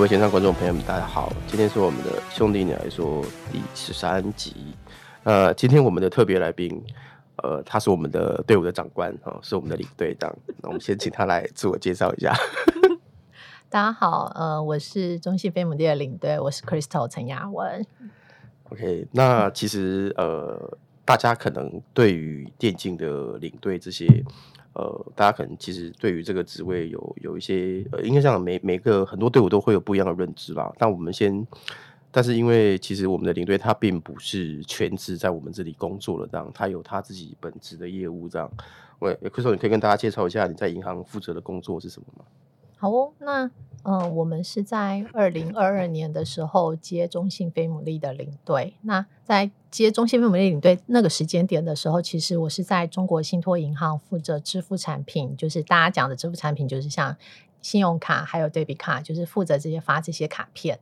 各位線上觀眾朋友們，大家好！今天是我們的兄弟你來說第十三集。呃，今天我們的特別來賓，呃，他是我們的隊伍的長官啊、呃，是我們的領隊長。 那我們先請他來自我介紹一下。 大家好，呃，我是中西飛母的領隊，我是 Crystal 陳雅雯。OK，那其實呃，大家可能對於電競的領隊這些。呃，大家可能其實對於這個職位有有一些，呃，應該這樣，每每個很多隊伍都會有不一樣的認知吧。但我們先，但是因為其實我們的領隊他並不是全職在我們這裡工作的，這樣，他有他自己本職的業務，這樣。喂，Crystal，Chris，你可以跟大家介紹一下你在銀行負責的工作是什麼嗎？好哦，那。嗯，我們是在二零二二年的時候接中信飛牡蠣的領隊。那在接中信飛牡蠣領隊那個時間點的時候，其實我是在中國信託銀行負責支付產品，就是大家講的支付產品，就是像信用卡還有對比卡，就是負責這些發這些卡片。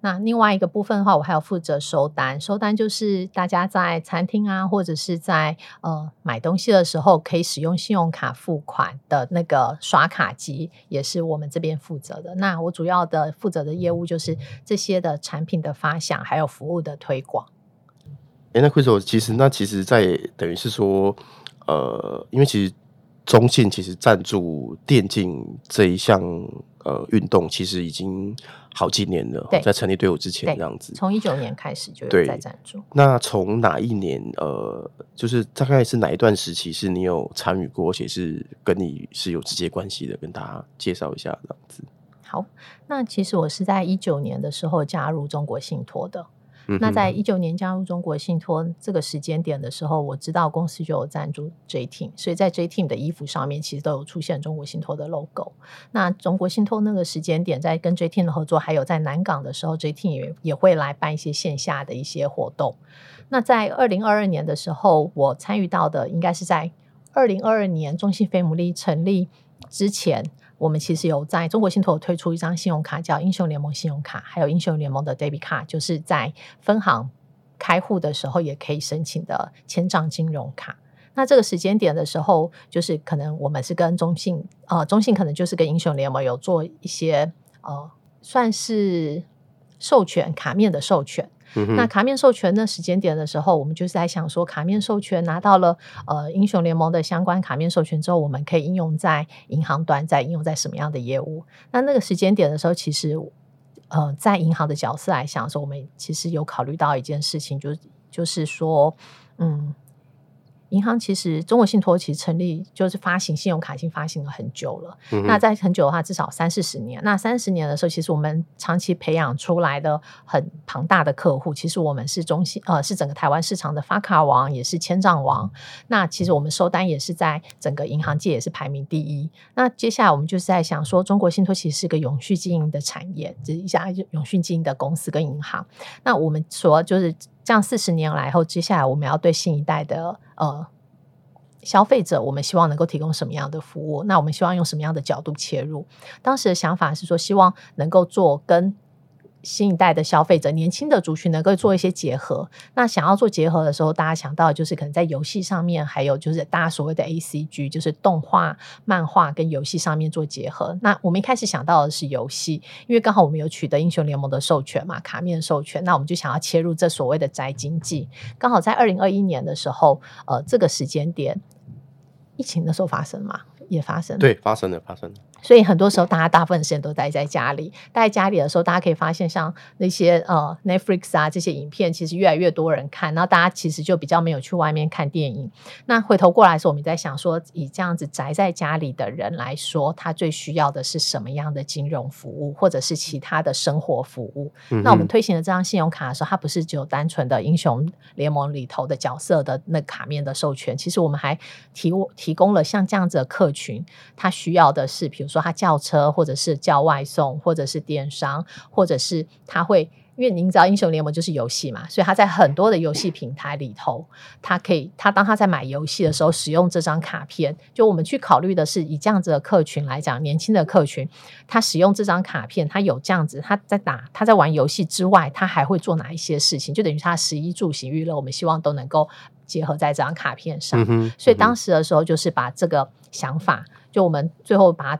那另外一個部分的話，我還有負責收單。收單就是大家在餐廳啊，或者是在呃買東西的時候，可以使用信用卡付款的那個刷卡機，也是我們這邊負責的。那我主要的負責的業務就是這些的產品的發想，還有服務的推廣。哎，那 Crystal 其實那其實在等於是說，呃，因為其實。中信其實贊助電競這一項呃運動，其實已經好幾年了。對在成立隊伍之前，這樣子，從一九年開始就有在贊助。對對那從哪一年呃，就是大概是哪一段時期，是你有參與過，而且是跟你是有直接關係的，跟大家介紹一下這樣子。好，那其實我是在一九年的時候加入中國信託的。那在一九年加入中國信託這個時間點的時候，我知道公司就有贊助 J Team，所以在 J Team 的衣服上面其實都有出現中國信託的 logo。那中國信託那個時間點在跟 J Team 的合作，還有在南港的時候，J Team 也也會來辦一些線下的一些活動。那在二零二二年的時候，我參與到的應該是在二零二二年中信飛牡蠣成立之前。我們其實有在中國信托推出一張信用卡，叫英雄聯盟信用卡，還有英雄聯盟的 Debit 卡，就是在分行開戶的時候也可以申請的簽帳金融卡。那這個時間點的時候，就是可能我們是跟中信，呃，中信可能就是跟英雄聯盟有做一些，呃，算是授權，卡面的授權。 那卡面授權的時間點的時候，我們就是在想說，卡面授權拿到了呃英雄聯盟的相關卡面授權之後，我們可以應用在銀行端，再應用在什麼樣的業務？那那個時間點的時候，其實呃在銀行的角色來想說，我們其實有考慮到一件事情就，就就是說，嗯。銀行其實，中國信託其實成立就是發行信用卡已經發行了很久了。嗯、哼那在很久的話，至少三四十年。那三十年的時候，其實我們長期培養出來的很龐大的客戶，其實我們是中信，呃，是整個台灣市場的發卡王，也是簽帳王。那其實我們收單也是在整個銀行界也是排名第一。嗯、那接下來我們就是在想說，中國信託其實是個永續經營的產業，就是一家永續經營的公司跟銀行。那我們說就是。像四十年以來以後，接下來我們要對新一代的呃消費者，我們希望能夠提供什麼樣的服務？那我們希望用什麼樣的角度切入？當時的想法是說，希望能夠做跟。新一代的消費者，年輕的族群能夠做一些結合。那想要做結合的時候，大家想到的就是可能在遊戲上面，還有就是大家所謂的 ACG，就是動畫、漫畫跟遊戲上面做結合。那我們一開始想到的是遊戲，因為剛好我們有取得英雄聯盟的授權嘛，卡面授權，那我們就想要切入這所謂的宅經濟。剛好在二零二一年的時候，呃，這個時間點，疫情的時候發生嘛，也發生，對，發生了，發生了。所以很多時候，大家大部分時間都待在家裡。待在家裡的時候，大家可以發現，像那些呃 Netflix 啊，這些影片，其實越來越多人看。那大家其實就比較沒有去外面看電影。那回頭過來的時候，我們在想說，以這樣子宅在家裡的人來說，他最需要的是什麼樣的金融服務，或者是其他的生活服務？嗯、哼那我們推行了這張信用卡的時候，它不是只有單純的英雄聯盟裡頭的角色的那卡面的授權，其實我們還提提供了像這樣子的客群，他需要的是比如。說他叫車，或者是叫外送，或者是電商，或者是他會，因為您知道英雄聯盟就是遊戲嘛，所以他在很多的遊戲平台裡頭，他可以，他當他在買遊戲的時候，使用這張卡片。就我們去考慮的是，以這樣子的客群來講，年輕的客群，他使用這張卡片，他有這樣子，他在打，他在玩遊戲之外，他還會做哪一些事情？就等於他食衣住行娛樂，我們希望都能夠結合在這張卡片上。所以當時的時候，就是把這個想法，就我們最後把。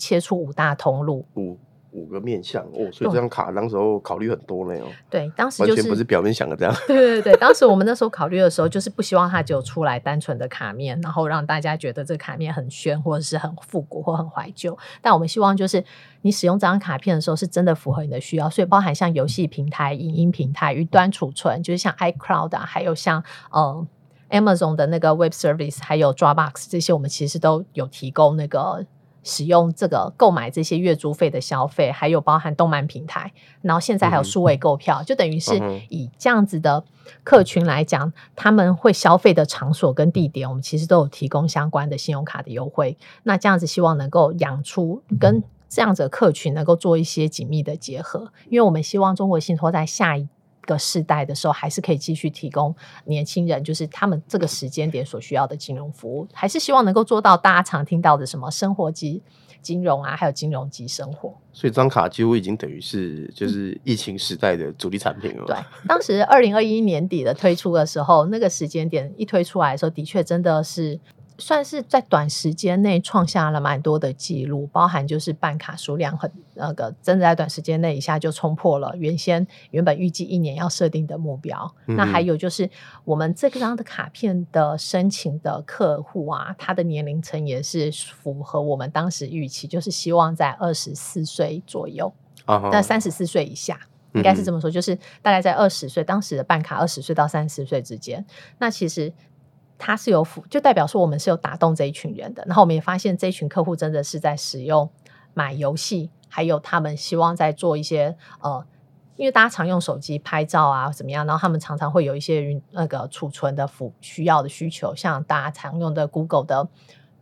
切出五大通路，五五個面向哦，所以這張卡當時候考慮很多了喲。對，當時、就是、完全不是表面想的這樣。對對對，當時我們那時候考慮的時候， 就是不希望它只有出來單純的卡面，然後讓大家覺得這卡面很炫或者是很復古或很懷舊。但我們希望就是你使用這張卡片的時候，是真的符合你的需要。所以包含像遊戲平台、影音,音平台、雲端儲存，就是像 iCloud，、啊、還有像呃、嗯、Amazon 的那個 Web Service，還有 Dropbox 這些，我們其實都有提供那個。使用這個購買這些月租費的消費，還有包含動漫平台，然後現在還有數位購票，嗯嗯、就等於是以這樣子的客群來講，嗯、他們會消費的場所跟地點，嗯、我們其實都有提供相關的信用卡的優惠。那這樣子希望能夠養出跟這樣子的客群能夠做一些緊密的結合，因為我們希望中國信托在下一。個時代的時候，還是可以繼續提供年輕人，就是他們這個時間點所需要的金融服務，還是希望能夠做到大家常聽到的什麼生活級金融啊，還有金融級生活。所以，這張卡幾乎已經等於是就是疫情時代的主力產品了，嗯。對，當時二零二一年底的推出的時候， 那個時間點一推出來的時候，的確真的是。算是在短時間內創下了蠻多的記錄，包含就是辦卡數量很那、呃、個，真的在短時間內一下就衝破了原先原本預計一年要設定的目標。嗯、哼那還有就是我們這張的卡片的申請的客戶啊，他的年齡層也是符合我們當時預期，就是希望在二十四歲左右，oh, 那三十四歲以下、嗯、哼應該是這麼說，就是大概在二十歲當時的辦卡二十歲到三十四歲之間。那其實。它是有服，就代表說我們是有打動這一群人的。然後我們也發現這一群客戶真的是在使用買遊戲，還有他們希望在做一些呃，因為大家常用手機拍照啊怎麼樣，然後他們常常會有一些雲那個儲存的服需要的需求，像大家常用的 Google 的。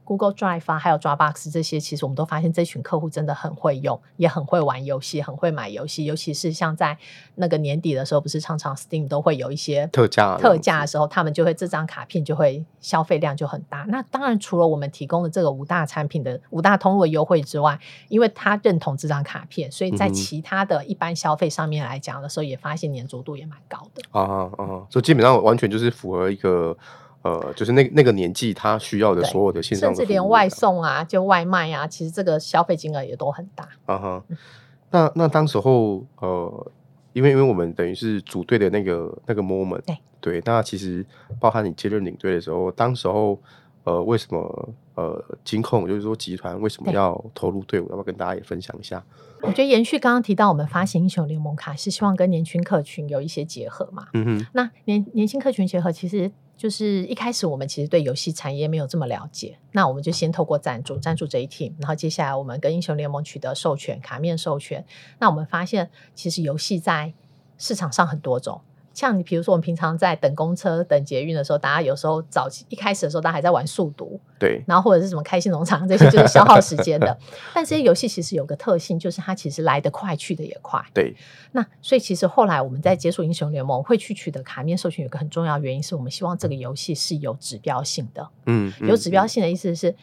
Google Drive、啊、還有 Dropbox 這些，其實我們都發現，這群客戶真的很會用，也很會玩遊戲，很會買遊戲。尤其是像在那個年底的時候，不是常常 Steam 都會有一些特價特價的時候，他們就會這張卡片就會消費量就很大。那當然，除了我們提供的這個五大產品的五大通路的優惠之外，因為他認同這張卡片，所以在其他的一般消費上面來講的時候，嗯、也發現粘着度也蠻高的。啊啊、uh，所、huh, 以、uh huh. so、基本上完全就是符合一個。呃，就是那那個年紀，他需要的所有的線上的，甚至連外送啊，就外賣啊，其實這個消費金額也都很大啊哈。那那當時候，呃，因為因為我們等於是組隊的那個那個 moment，對，對那其實包含你接任領隊的時候，當時候呃，為什麼呃，金控就是說集團為什麼要投入隊伍？對要不要跟大家也分享一下？我覺得延續剛剛提到，我們發行英雄聯盟卡是希望跟年輕客群有一些結合嘛？嗯哼那年年輕客群結合其實。就是一開始我們其實對遊戲產業沒有這麼了解，那我們就先透過贊助贊助這一 team，然後接下來我們跟英雄聯盟取得授權，卡面授權，那我們發現其實遊戲在市場上很多種。像你，比如說我們平常在等公車、等捷運的時候，大家有時候早期一開始的時候，大家還在玩數獨，對，然後或者是什麼開心農場這些，就是消耗時間的。 但這些遊戲其實有個特性，就是它其實來得快，去得也快。對，那所以其實後來我們在接觸英雄聯盟會去取得卡面授權，有個很重要原因是我們希望這個遊戲是有指標性的。嗯，嗯有指標性的意思是、嗯、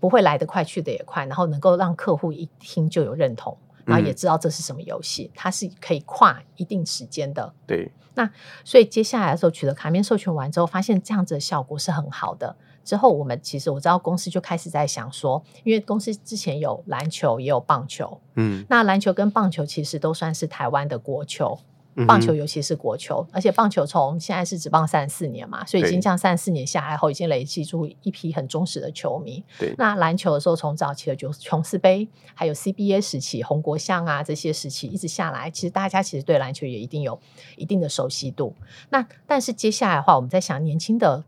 不會來得快去得也快，然後能夠讓客戶一聽就有認同。然後也知道這是什麼遊戲，嗯、它是可以跨一定時間的。對，那所以接下來的時候，取得卡面授權完之後，發現這樣子的效果是很好的。之後我們其實我知道公司就開始在想說，因為公司之前有籃球也有棒球，嗯，那籃球跟棒球其實都算是台灣的國球。棒球尤其是國球，而且棒球從現在是職棒三十四年嘛，對所以已經這三十四年下來後，已經累積出一批很忠實的球迷。對那籃球的時候，從早期的瓊斯盃，還有 CBA 時期、宏國象啊這些時期一直下來，其實大家其實對籃球也一定有一定的熟悉度。那但是接下來的話，我們在想年輕的，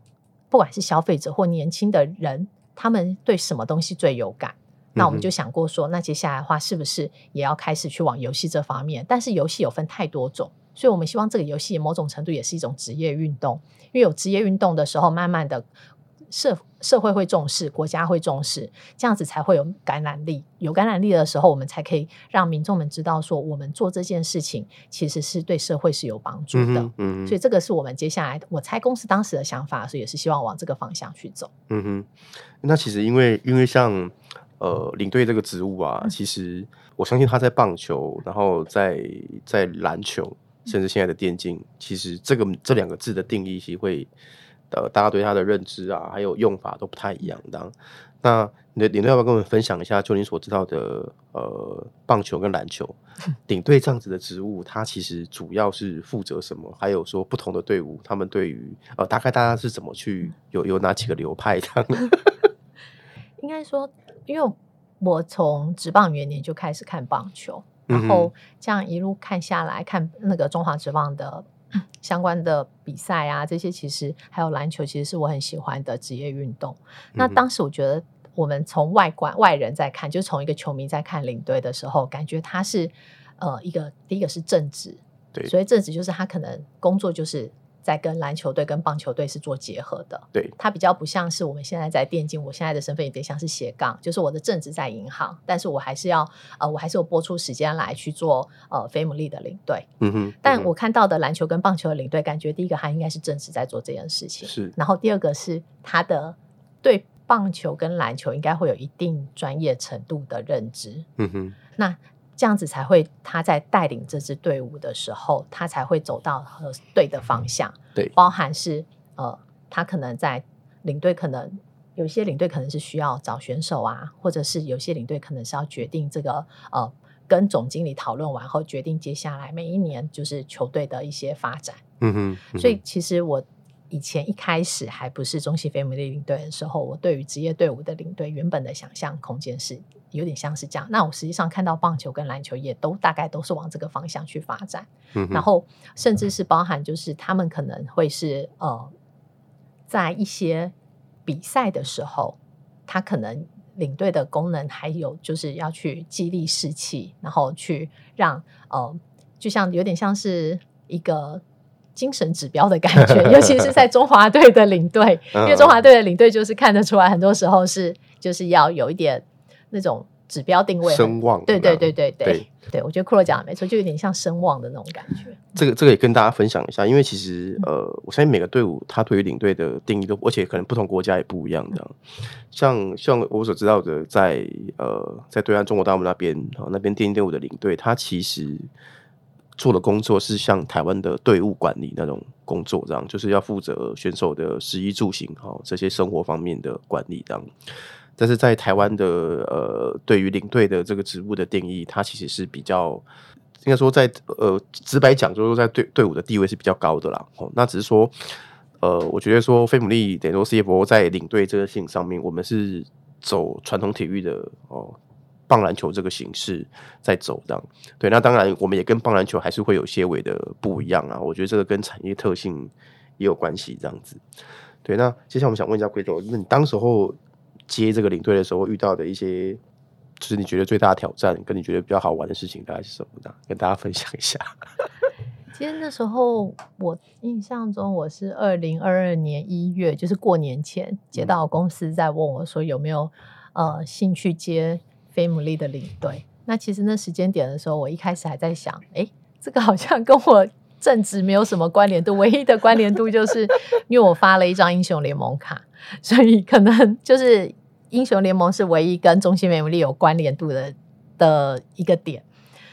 不管是消費者或年輕的人，他們對什麼東西最有感？嗯、哼那我們就想過說，那接下來的話，是不是也要開始去往遊戲這方面？但是遊戲有分太多種。所以，我們希望這個遊戲某種程度也是一種職業運動，因為有職業運動的時候，慢慢的社社會會重視，國家會重視，這樣子才會有感染力。有感染力的時候，我們才可以讓民眾們知道，說我們做這件事情其實是對社會是有幫助的。嗯，嗯所以這個是我們接下來，我猜公司當時的想法，所以也是希望往這個方向去走。嗯哼，那其實因為因為像呃領隊這個職務啊，其實我相信他在棒球，然後在在籃球。甚至現在的電競，其實這個這兩個字的定義，其實會呃，大家對它的認知啊，還有用法都不太一樣的。嗯、那的那你領隊要不要跟我們分享一下，就你所知道的呃，棒球跟籃球領隊這樣子的職務，它其實主要是負責什麼？還有說不同的隊伍，他們對於呃，大概大家是怎麼去有有哪幾個流派的？嗯、 應該說，因為我從職棒元年就開始看棒球。然後這樣一路看下來看那個中華職棒的相關的比賽啊，這些其實還有籃球，其實是我很喜歡的職業運動。那當時我覺得，我們從外觀外人在看，就從一個球迷在看領隊的時候，感覺他是呃一個，第一個是政治，對，所以政治就是他可能工作就是，在跟籃球隊跟棒球隊是做結合的，對，他比較不像是我們現在在電競，我現在的身份有點像是斜槓，就是我的正職在銀行，但是我還是要呃，我還是有播出時間來去做呃菲姆利的領隊，嗯哼，嗯哼，但我看到的籃球跟棒球的領隊，感覺第一個他應該是正職在做這件事情，是，然後第二個是他的對棒球跟籃球應該會有一定專業程度的認知，嗯哼，那。這樣子才會，他在帶領這支隊伍的時候，他才會走到對的方向。嗯、對，包含是呃，他可能在領隊，可能有些領隊可能是需要找選手啊，或者是有些領隊可能是要決定這個呃，跟總經理討論完後，決定接下來每一年就是球隊的一些發展。嗯哼。嗯哼，所以其實我以前一開始還不是中信飛牡蠣領隊的時候，我對於職業隊伍的領隊原本的想象空間是。有點像是這樣，那我實際上看到棒球跟籃球也都大概都是往這個方向去發展，嗯、哼然後甚至是包含就是他們可能會是呃，在一些比賽的時候，他可能領隊的功能還有就是要去激勵士氣，然後去讓呃，就像有點像是一個精神指標的感覺，尤其是在中華隊的領隊， 因為中華隊的領隊就是看得出來，很多時候是就是要有一點。那種指標定位聲望的，對對對對對對，對對我覺得庫洛講的沒錯，就有點像聲望的那種感覺。這個這個也跟大家分享一下，因為其實、嗯、呃，我相信每個隊伍他對於領隊的定義都，而且可能不同國家也不一樣的。嗯、像像我所知道的，在呃在對岸中國大陸那邊哈、哦，那邊電競隊伍的領隊，他其實做的工作是像台灣的隊伍管理那種工作，這樣就是要負責選手的食衣住行哈、哦、這些生活方面的管理。這樣但是在台灣的呃，對於領隊的這個職務的定義，它其實是比較應該說在呃直白講說，就是在隊隊伍的地位是比較高的啦。哦，那只是說呃，我覺得說菲姆利等於說 CFO 在領隊這個性上面，我們是走傳統體育的哦，棒籃球這個形式在走的。對，那當然我們也跟棒籃球還是會有些微的不一樣啊。我覺得這個跟產業特性也有關係，這樣子。對，那接下來我們想問一下貴州，那你當時候接這個領隊的時候，遇到的一些就是你覺得最大的挑戰，跟你覺得比較好玩的事情，大概是什麼呢？跟大家分享一下。其實那時候我印象中，我是二零二二年一月，就是過年前接到公司在問我說有沒有、嗯、呃興趣接 Family 的領隊。那其實那時間點的時候，我一開始還在想，哎，這個好像跟我正職沒有什麼關聯度，唯一的關聯度就是因為我發了一張英雄聯盟卡，所以可能就是。英雄聯盟是唯一跟中信美 a m 有關聯度的的一個點。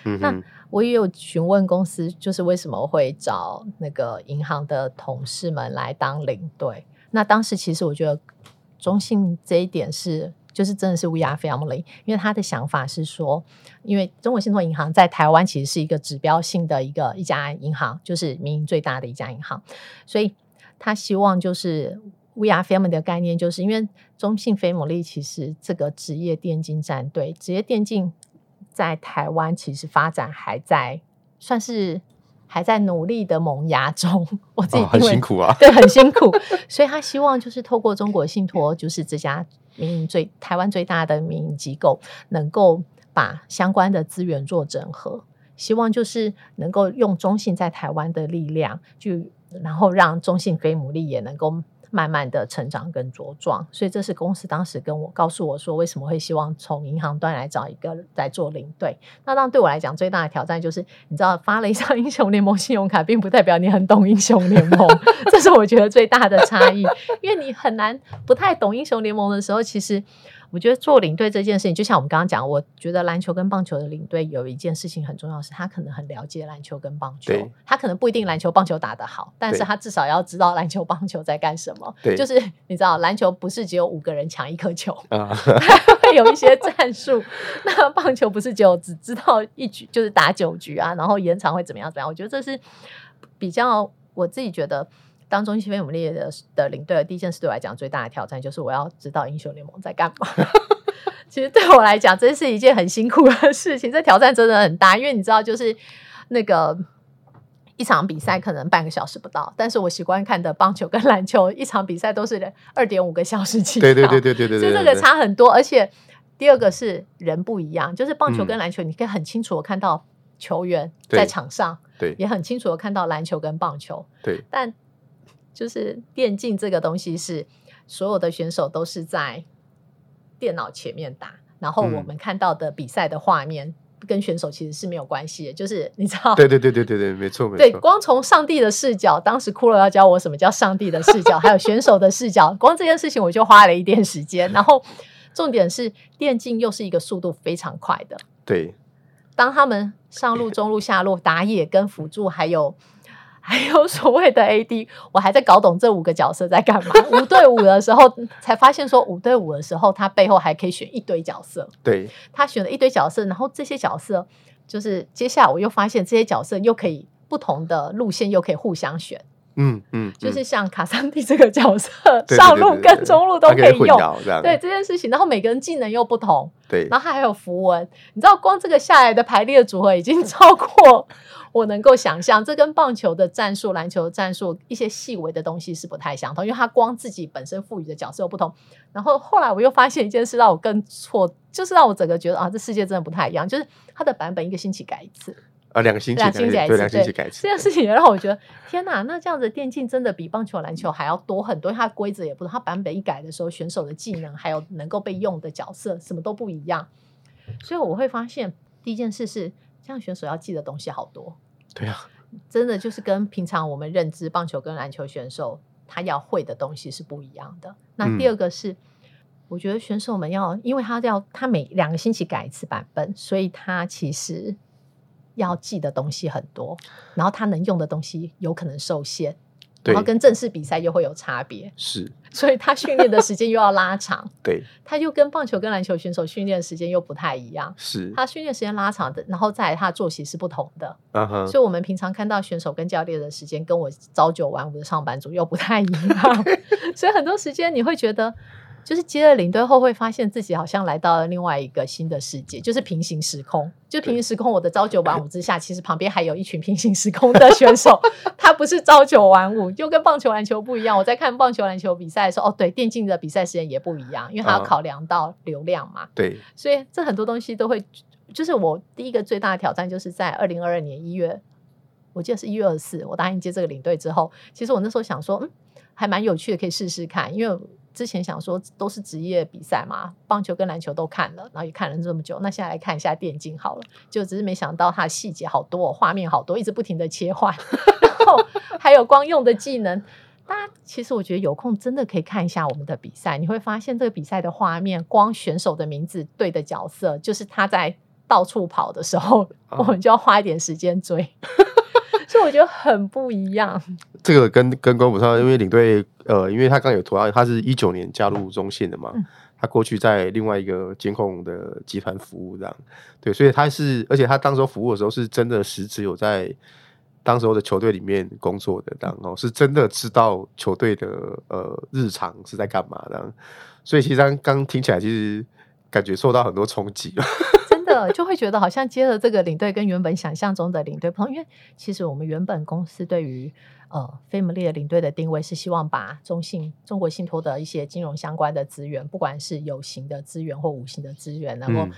嗯、哼那我也有詢問公司，就是為什麼會找那個銀行的同事們來當領隊？那當時其實我覺得，中信這一點是就是真的是 we are family，因為他的想法是說，因為中國信托銀行在台灣其實是一個指標性的一個一家銀行，就是民營最大的一家銀行，所以他希望就是。We Are Family 的概念，就是因為中信飛牡蠣其實這個職業電競戰隊，職業電競在台灣其實發展還在算是還在努力的萌芽中。我自己、哦、很辛苦啊，對，很辛苦。 所以他希望就是透過中國信託，就是這家民營最台灣最大的民營機構，能夠把相關的資源做整合，希望就是能夠用中信在台灣的力量，就然後讓中信飛牡蠣也能夠。慢慢的成長跟茁壯，所以這是公司當時跟我告訴我說，為什麼會希望從銀行端來找一個來做領隊。那當然對我來講最大的挑戰就是，你知道發了一張英雄聯盟信用卡，並不代表你很懂英雄聯盟， 這是我覺得最大的差異，因為你很難不太懂英雄聯盟的時候，其實。我覺得做領隊這件事情，就像我們剛剛講，我覺得籃球跟棒球的領隊有一件事情很重要是，是他可能很了解籃球跟棒球，對他可能不一定籃球棒球打得好，但是他至少要知道籃球棒球在幹什麼。對就是你知道，籃球不是只有五個人搶一顆球，對還會有一些戰術； 那棒球不是就只,只知道一局就是打九局啊，然後延長會怎麼樣？怎麼樣？我覺得這是比較我自己覺得。當中新片，我們列的的領隊的第一件事，對我來講最大的挑戰就是我要知道英雄聯盟在幹嘛。 其實對我來講真是一件很辛苦的事情，這挑戰真的很大，因為你知道就是那個一場比賽可能半個小時不到，但是我習慣看的棒球跟籃球一場比賽都是二點五個小時起跳，對對對對對對，就這個差很多。而且第二個是人不一樣，就是棒球跟籃球你可以很清楚的看到球員在場上，也很清楚的看到籃球跟棒球，對，但。就是電競這個東西是所有的選手都是在電腦前面打，然後我們看到的比賽的畫面跟選手其實是沒有關係的。嗯、就是你知道，對對對對對對，沒錯，對沒錯。對，光從上帝的視角，當時骷髏要教我什麼叫上帝的視角， 還有選手的視角，光這件事情我就花了一點時間。然後重點是電競又是一個速度非常快的，對。當他們上路、中路、下路、打野、跟輔助還有。還有所謂的 AD，我還在搞懂這五個角色在幹嘛。五對五的時候 才發現，說五對五的時候，他背後還可以選一堆角色。對，他選了一堆角色，然後這些角色就是接下來我又發現，這些角色又可以不同的路線，又可以互相選。嗯嗯，嗯，就是像卡桑蒂這個角色，對對對對對上路跟中路都可以用，這樣對這件事情。然後每個人技能又不同，對。然後還有符文，你知道光這個下來的排列組合已經超過我能夠想象。 這跟棒球的戰術、籃球戰術一些細微的東西是不太相同，因為他光自己本身賦予的角色又不同。然後後來我又發現一件事，讓我更錯，就是讓我整個覺得啊，這世界真的不太一樣。就是他的版本一個星期改一次。哦、啊，兩個星期改一次，對，對，改，對，這件事情也讓我覺得，對天哪，那這樣子電競真的比棒球、籃球還要多很多，因為它規則也不同。它版本一改的時候，選手的技能還有能夠被用的角色什麼都不一樣。所以我會發現，第一件事是，這樣選手要記的東西好多。對啊，真的就是跟平常我們認知棒球跟籃球選手他要會的東西是不一樣的。那第二個是，嗯、我覺得選手們要，因為他要他每兩個星期改一次版本，所以他其實。.要記的東西很多，然後他能用的東西有可能受限，對然後跟正式比賽又會有差別，是，所以他訓練的時間又要拉長， 對，他又跟棒球跟籃球選手訓練的時間又不太一樣，是，他訓練時間拉長的，然後在他的作息是不同的，uh huh、所以我們平常看到選手跟教練的時間，跟我朝九晚五的上班族又不太一樣， 所以很多時間你會覺得。就是接了領隊後，會發現自己好像來到了另外一個新的世界，就是平行時空。就平行時空，我的朝九晚五之下，對其實旁邊還有一群平行時空的選手。 他不是朝九晚五，就跟棒球、籃球不一樣。我在看棒球、籃球比賽的時候，哦，對，電競的比賽時間也不一樣，因為他要考量到流量嘛。對，所以這很多東西都會，就是我第一個最大的挑戰，就是在二零二二年一月，我記得是一月二十四，我答應接這個領隊之後，其實我那時候想說，嗯，還蠻有趣的，可以試試看，因為。之前想說都是職業比賽嘛，棒球跟籃球都看了，然後也看了這麼久，那現在來看一下電競好了，就只是沒想到它細節好多，畫面好多，一直不停地切換， 然後還有光用的技能。大家其實我覺得有空真的可以看一下我們的比賽，你會發現這個比賽的畫面，光選手的名字對的角色，就是他在到處跑的時候，我們就要花一點時間追。啊 所以我覺得很不一樣。這個跟跟官普上，因為領隊、嗯、呃，因為他剛有提到，他是一九年加入中線的嘛，嗯、他過去在另外一個監控的集團服務這樣，對，所以他是，而且他當時候服務的時候，是真的實質有在當時候的球隊裡面工作的這樣，然後、嗯、是真的知道球隊的呃日常是在幹嘛的，所以其實剛剛聽起來，其實感覺受到很多衝擊。嗯 的 就會覺得好像接了這個領隊，跟原本想象中的領隊不同。因為其實我們原本公司對於呃 飛牟力的領隊的定位是希望把中信中國信托的一些金融相關的資源，不管是有形的資源或無形的資源，然後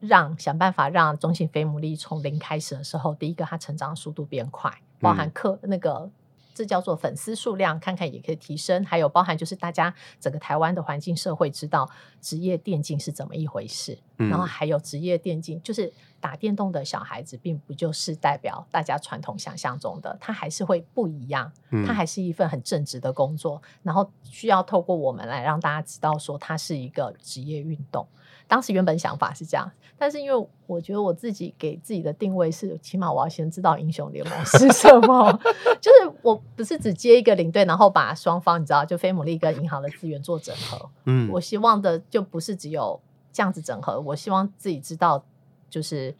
讓、嗯、想辦法讓中信飛牟力從零開始的時候，第一個它成長速度變快，包含客、嗯、那個。這叫做粉絲數量，看看也可以提升。還有包含就是大家整個台灣的環境社會知道職業電競是怎麼一回事，嗯、然後還有職業電競就是打電動的小孩子，並不就是代表大家傳統想象中的，他還是會不一樣，他還是一份很正職的工作，嗯、然後需要透過我們來讓大家知道說，它是一個職業運動。當時原本想法是這樣，但是因為我覺得我自己給自己的定位是，起碼我要先知道英雄聯盟是什麼。 就是我不是只接一個領隊，然後把雙方你知道就飛牡蠣跟銀行的資源做整合。嗯，我希望的就不是只有這樣子整合，我希望自己知道就是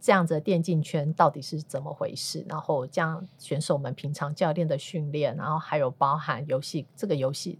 這樣子的電競圈到底是怎麼回事，然後這樣選手們平常教練的訓練，然後還有包含遊戲這個遊戲。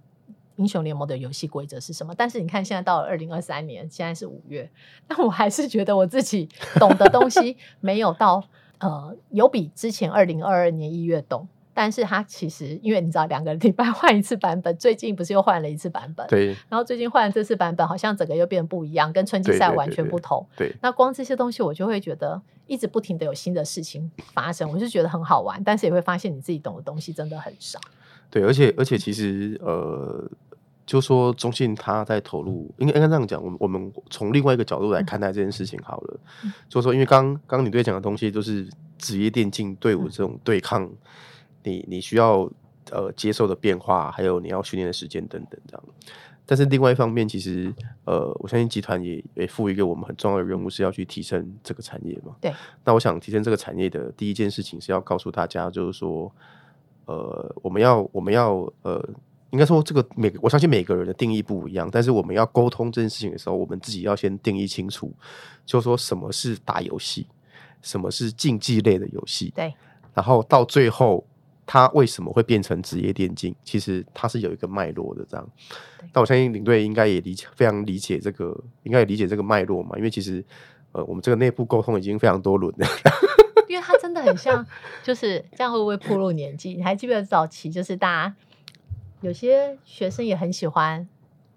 英雄聯盟的遊戲規則是什麼？但是你看，現在到了二零二三年，現在是五月，但我還是覺得我自己懂的東西沒有到 呃，有比之前二零二二年一月懂。但是它其實，因為你知道，兩個禮拜換一次版本，最近不是又換了一次版本？對。然後最近換了這次版本，好像整個又變不一樣，跟春季賽完全不同。對，對，對。對，那光這些東西，我就會覺得一直不停的有新的事情發生，我就覺得很好玩。但是也會發現你自己懂的東西真的很少。對，而且而且其實對呃。就是說中信他在投入，應該應該這樣講，我們我們從另外一個角度來看待這件事情好了。嗯嗯、就是說因為剛剛你對講的東西都是職業電競隊伍這種對抗，嗯、你你需要呃接受的變化，還有你要訓練的時間等等這樣。但是另外一方面，其實呃，我相信集團也也賦予給我們很重要的任務，是要去提升這個產業嘛。對。那我想提升這個產業的第一件事情是要告訴大家，就是說呃，我們要我們要呃。應該說，這個每我相信每個人的定義不一樣，但是我們要溝通這件事情的時候，我們自己要先定義清楚，就說什麼是打遊戲，什麼是競技類的遊戲，對。然後到最後，他為什麼會變成職業電競？其實它是有一個脈絡的，這樣。對但我相信領隊應該也理解，非常理解這個，應該也理解這個脈絡嘛，因為其實，呃，我們這個內部溝通已經非常多輪了，因為他真的很像 就是這樣，會不會暴露年紀？嗯、你還記得早期就是大家？有些學生也很喜歡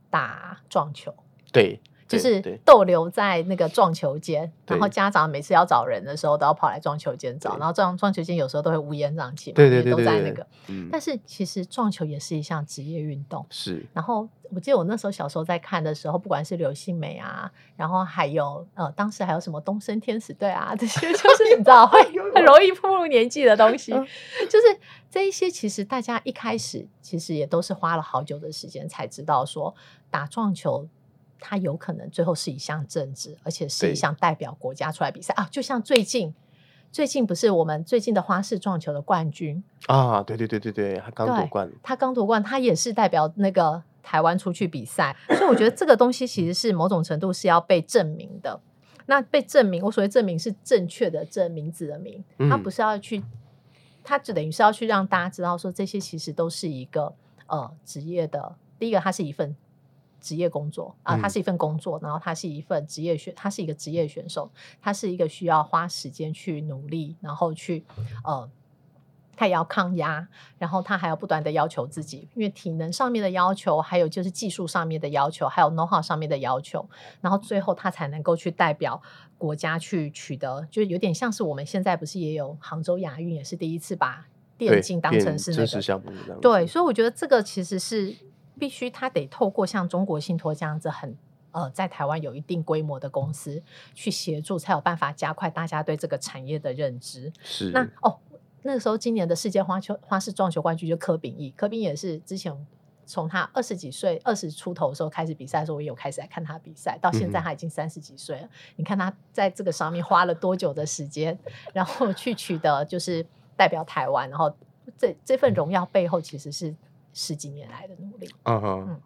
打撞球。對。就是逗留在那個撞球間，然後家長每次要找人的時候，都要跑來撞球間找，對然後撞撞球間有時候都會烏煙瘴氣，對對、對、對對，因為都在那個。嗯、但是其實撞球也是一項職業運動。是。然後我記得我那時候小時候在看的時候，不管是柳信美啊，然後還有呃，當時還有什麼東森天使隊啊，這些就是你知道會很容易步入年紀的東西， 嗯、就是這一些其實大家一開始其實也都是花了好久的時間才知道說打撞球。它有可能最後是一項政治，而且是一項代表國家出來比賽對啊！就像最近，最近不是我們最近的花式撞球的冠軍啊？對對對對對，他剛奪冠，他剛奪冠，他也是代表那個台灣出去比賽，所以我覺得這個東西其實是某種程度是要被證明的。那被證明，我所謂證明是正確的證明，指的名。嗯、他不是要去，他只等於是要去讓大家知道說，這些其實都是一個呃職業的。第一個，它是一份。職業工作啊，他是一份工作，嗯、然後他是一份職業選，他是一個職業選手，他是一個需要花時間去努力，然後去呃，他也要抗壓，然後他還要不斷的要求自己，因為體能上面的要求，還有就是技術上面的要求，還有 know how 上面的要求，然後最後他才能夠去代表國家去取得，就有點像是我們現在不是也有杭州亞運也是第一次把電競當成是正式項目。對，所以我覺得這個其實是。必須他得透過像中國信托這樣子很呃，在台灣有一定規模的公司去協助，才有辦法加快大家對這個產業的認知。是那哦，那個時候今年的世界花球、花式撞球冠軍就柯秉逸，柯秉也是之前從他二十幾歲二十出頭的時候開始比賽的時候，我有開始來看他比賽，到現在他已經三十幾歲了。嗯、哼你看他在這個上面花了多久的時間，然後去取得就是代表台灣，然後這這份榮耀背後其實是。十幾年來的努力。嗯。